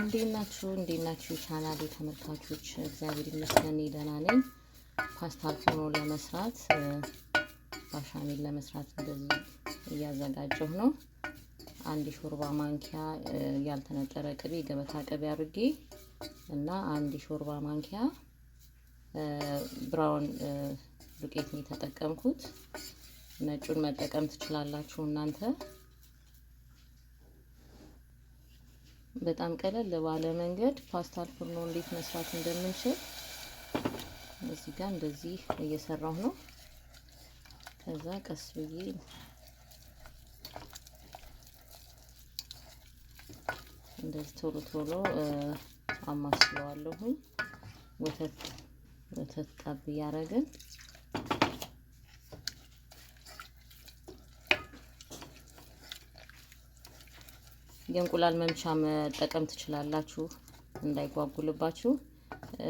እንዴት ናችሁ? እንዴት ናችሁ? ቻናሌ ተመልካቾች፣ እግዚአብሔር ይመስገን ደህና ነኝ። ፓስታ ሆኖ ለመስራት ባሻሚል ለመስራት እንደዚህ እያዘጋጀሁ ነው። አንድ ሾርባ ማንኪያ ያልተነጠረ ቅቤ ገበታ ቅቤ አድርጌ እና አንድ ሾርባ ማንኪያ ብራውን ዱቄት ነው የተጠቀምኩት። ነጩን መጠቀም ትችላላችሁ እናንተ በጣም ቀለል ባለ መንገድ ፓስታል ፍርኖ እንዴት መስራት እንደምንችል እዚህ ጋር እንደዚህ እየሰራሁ ነው። ከዛ ቀስ ብዬ እንደዚህ ቶሎ ቶሎ አማስለዋለሁኝ። ወተት ወተት ጠብ እያረግን የእንቁላል መምቻ መጠቀም ትችላላችሁ፣ እንዳይጓጉልባችሁ።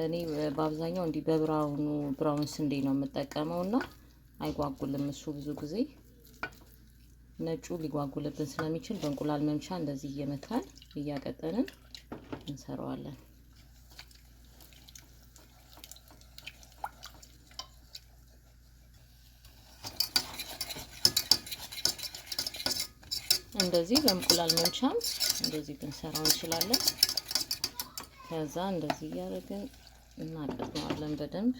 እኔ በአብዛኛው እንዲህ በብራውኑ ብራውን ስንዴ ነው የምጠቀመው እና አይጓጉልም እሱ ብዙ ጊዜ። ነጩ ሊጓጉልብን ስለሚችል በእንቁላል መምቻ እንደዚህ እየመታን እያቀጠንን እንሰራዋለን። እንደዚህ በእንቁላል መምቻም እንደዚህ ልንሰራው እንችላለን። ከዛ እንደዚህ እያደረግን እናቀጥነዋለን በደንብ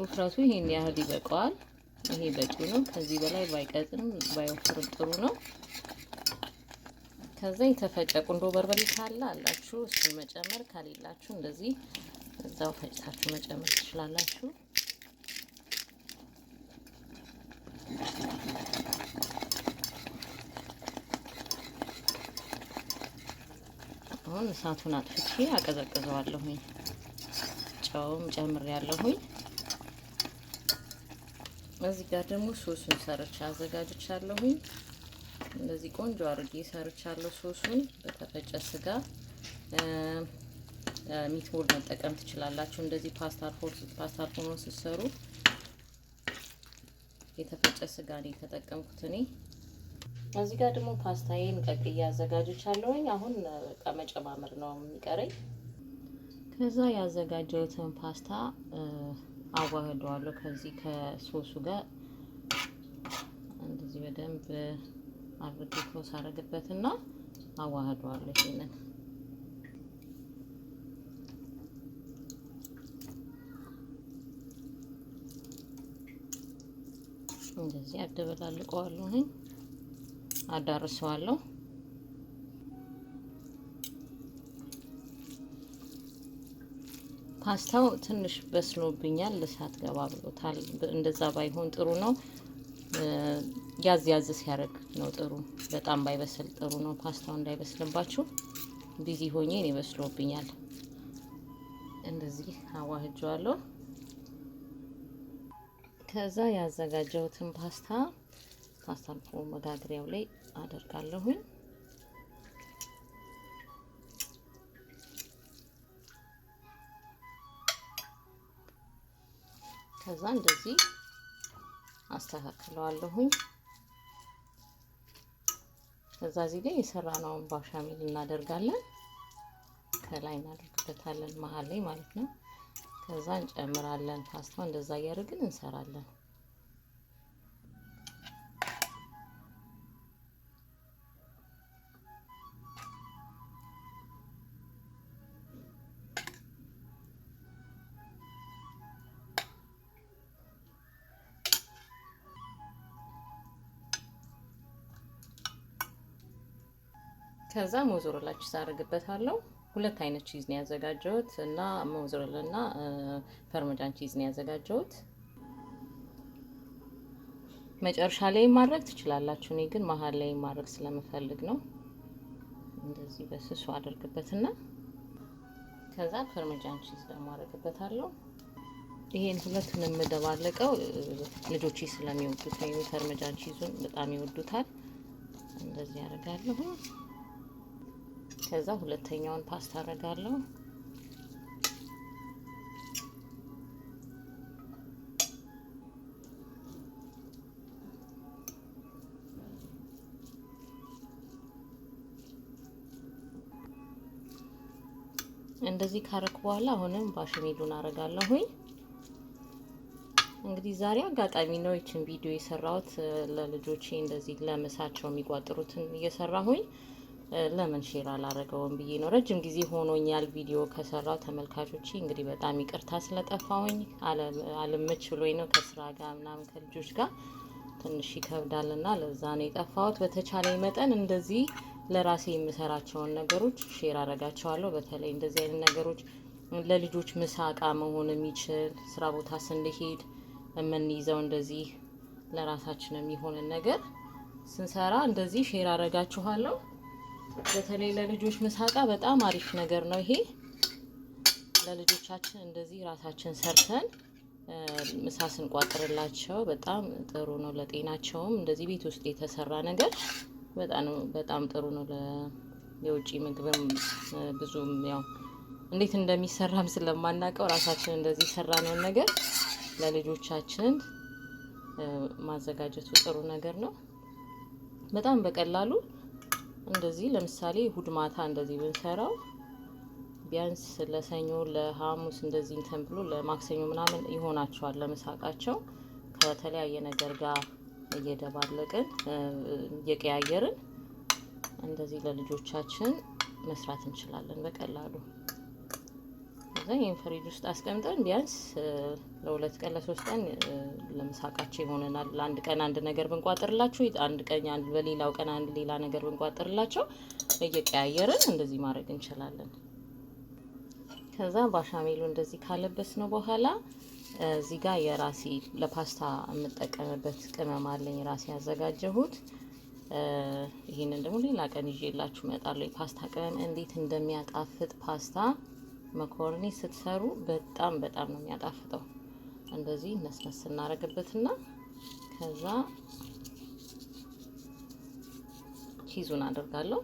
ውፍረቱ ይሄን ያህል ይበቃዋል። ይሄ በቂ ነው። ከዚህ በላይ ባይቀጥንም ባይወፍርም ጥሩ ነው። ከዛ የተፈጨ ቁንዶ በርበሬ ካለ አላችሁ እሱን መጨመር፣ ካሌላችሁ እንደዚህ እዛው ፈጭታችሁ መጨመር ትችላላችሁ። አሁን እሳቱን አጥፍቼ አቀዘቅዘዋለሁኝ። ጨውም ጨምር ያለሁኝ። እዚህ ጋር ደግሞ ሶሱን ሰርቻ አዘጋጅቻለሁኝ። እንደዚህ ቆንጆ አድርጌ ሰርቻለሁ። ሶሱን በተፈጨ ስጋ ቦል መጠቀም ትችላላችሁ። እንደዚህ ፓስታ ሆኖ ስትሰሩ የተፈጨ ስጋ ነው የተጠቀምኩት እኔ። እዚህ ጋር ደግሞ ፓስታዬን ቀቅዬ አዘጋጅቻለሁኝ። አሁን በቃ መጨማመር ነው የሚቀረኝ። ከዛ ያዘጋጀሁትን ፓስታ አዋህደዋለሁ ከዚህ ከሶሱ ጋር እንደዚህ በደንብ አብርድ ክሮስ አረግበትና አዋህደዋለሁ ይሄንን እንደዚህ አደበላልቀዋለሁ አዳርሰዋለሁ። ፓስታው ትንሽ በስሎብኛል፣ እሳት ገባ ብሎታል። እንደዛ ባይሆን ጥሩ ነው። ያዝ ያዝ ሲያደርግ ነው ጥሩ። በጣም ባይበስል ጥሩ ነው። ፓስታው እንዳይበስልባችሁ ቢዚ ሆኜ እኔ በስሎብኛል። እንደዚህ አዋህጀዋለሁ። ከዛ ያዘጋጀሁትን ፓስታ ፓስታ መጋግሪያው ላይ አደርጋለሁኝ። ከዛ እንደዚህ አስተካክለዋለሁኝ። ከዛ እዚህ ላይ የሰራነውን ባሻሚል እናደርጋለን። ከላይ እናደርግበታለን መሀል ላይ ማለት ነው። ከዛ እንጨምራለን ፓስታ እንደዛ እያደረግን እንሰራለን። ከዛ ሞዞሬላ ቺዝ አደርግበታለሁ። ሁለት አይነት ቺዝ ነው ያዘጋጀሁት እና ሞዞሬላ እና ፐርመጃን ቺዝ ነው ያዘጋጀሁት። መጨረሻ ላይ ማድረግ ትችላላችሁ። እኔ ግን መሀል ላይ ማድረግ ስለምፈልግ ነው። እንደዚህ በስሱ አደርግበትና ከዛ ፐርመጃን ቺዝ ደግሞ አደርግበታለሁ። ይሄን ሁለቱን የምደባለቀው ልጆቼ ስለሚወዱት ነው። ፐርመጃን ቺዙን በጣም ይወዱታል። እንደዚህ ያደርጋለሁ። ከዛ ሁለተኛውን ፓስታ አረጋለሁ። እንደዚህ ካረኩ በኋላ አሁንም ባሽሚዱን አረጋለሁኝ። እንግዲህ ዛሬ አጋጣሚ ነው ይችን ቪዲዮ የሰራሁት ለልጆቼ እንደዚህ ለምሳቸው የሚቋጥሩትን እየሰራሁኝ ለምን ሼር አላረገውም ብዬ ነው። ረጅም ጊዜ ሆኖኛል ቪዲዮ ከሰራው። ተመልካቾች እንግዲህ በጣም ይቅርታ ስለጠፋውኝ አልምች ብሎኝ ነው ከስራ ጋር ምናምን ከልጆች ጋር ትንሽ ይከብዳል እና ለዛ ነው የጠፋሁት። በተቻለ መጠን እንደዚህ ለራሴ የምሰራቸውን ነገሮች ሼር አረጋቸዋለሁ። በተለይ እንደዚህ አይነት ነገሮች ለልጆች ምሳ እቃ መሆን የሚችል ስራ ቦታ ስንሄድ የምንይዘው እንደዚህ ለራሳችን የሚሆንን ነገር ስንሰራ እንደዚህ ሼር አረጋችኋለሁ። በተለይ ለልጆች ምሳቃ በጣም አሪፍ ነገር ነው ይሄ። ለልጆቻችን እንደዚህ ራሳችን ሰርተን ምሳ ስንቋጥርላቸው በጣም ጥሩ ነው። ለጤናቸውም እንደዚህ ቤት ውስጥ የተሰራ ነገር በጣም በጣም ጥሩ ነው። የውጭ ምግብም ብዙም ያው እንዴት እንደሚሰራም ስለማናውቀው ራሳችን እንደዚህ ሰራነውን ነገር ለልጆቻችን ማዘጋጀቱ ጥሩ ነገር ነው። በጣም በቀላሉ እንደዚህ ለምሳሌ እሁድ ማታ እንደዚህ ብንሰራው ቢያንስ ለሰኞ ለሐሙስ እንደዚህ እንትን ብሎ ለማክሰኞ ምናምን ይሆናቸዋል። ለምሳቃቸው ከተለያየ ነገር ጋር እየደባለቅን እየቀያየርን እንደዚህ ለልጆቻችን መስራት እንችላለን በቀላሉ። ከዛ ይህን ፍሪጅ ውስጥ አስቀምጠን ቢያንስ ለሁለት ቀን ለሶስት ቀን ለምሳቃቸው ይሆነናል። ለአንድ ቀን አንድ ነገር ብንቋጥርላችሁ፣ አንድ ቀን አንድ በሌላው ቀን አንድ ሌላ ነገር ብንቋጥርላቸው እየቀያየርን እንደዚህ ማድረግ እንችላለን። ከዛ ባሻሜሉ እንደዚህ ካለበስ ነው በኋላ እዚህ ጋር የራሴ ለፓስታ የምጠቀምበት ቅመም አለኝ ራሴ ያዘጋጀሁት። ይህንን ደግሞ ሌላ ቀን ይዤላችሁ እመጣለሁ። የፓስታ ቅመም እንዴት እንደሚያጣፍጥ ፓስታ መኮረኒ ስትሰሩ በጣም በጣም ነው የሚያጣፍጠው። እንደዚህ ነስነስ እናደርግበትና ከዛ ቺዙን አደርጋለሁ።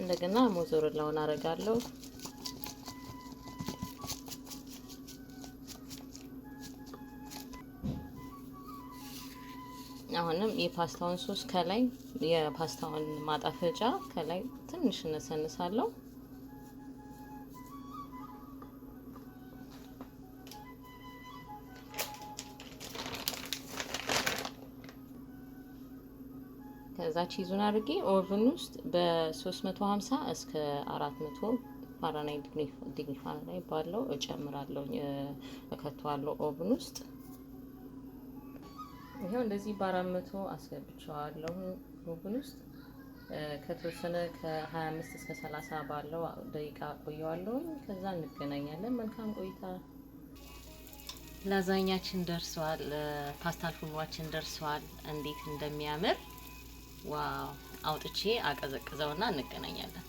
እንደገና ሞዞሬላውን አደርጋለሁ። አሁንም የፓስታውን ሶስ ከላይ የፓስታውን ማጣፈጫ ከላይ ትንሽ እነሰንሳለሁ። ከዛ ቺዙን አድርጌ ኦቨን ውስጥ በ350 እስከ 400 ፋራናይት ዲግሪ ፋራናይት ባለው እጨምራለሁ እከተዋለሁ ኦቨን ውስጥ ይሄው እንደዚህ በአራት መቶ አስገብቸዋለሁ ኦቨን ውስጥ ከተወሰነ ከ25 እስከ 30 ባለው ደቂቃ ቆየዋለሁ። ከዛ እንገናኛለን። መልካም ቆይታ። ላዛኛችን ደርሰዋል። ፓስታ ፉልዋችን ደርሰዋል። እንዴት እንደሚያምር ዋው! አውጥቼ አቀዘቅዘውና እንገናኛለን።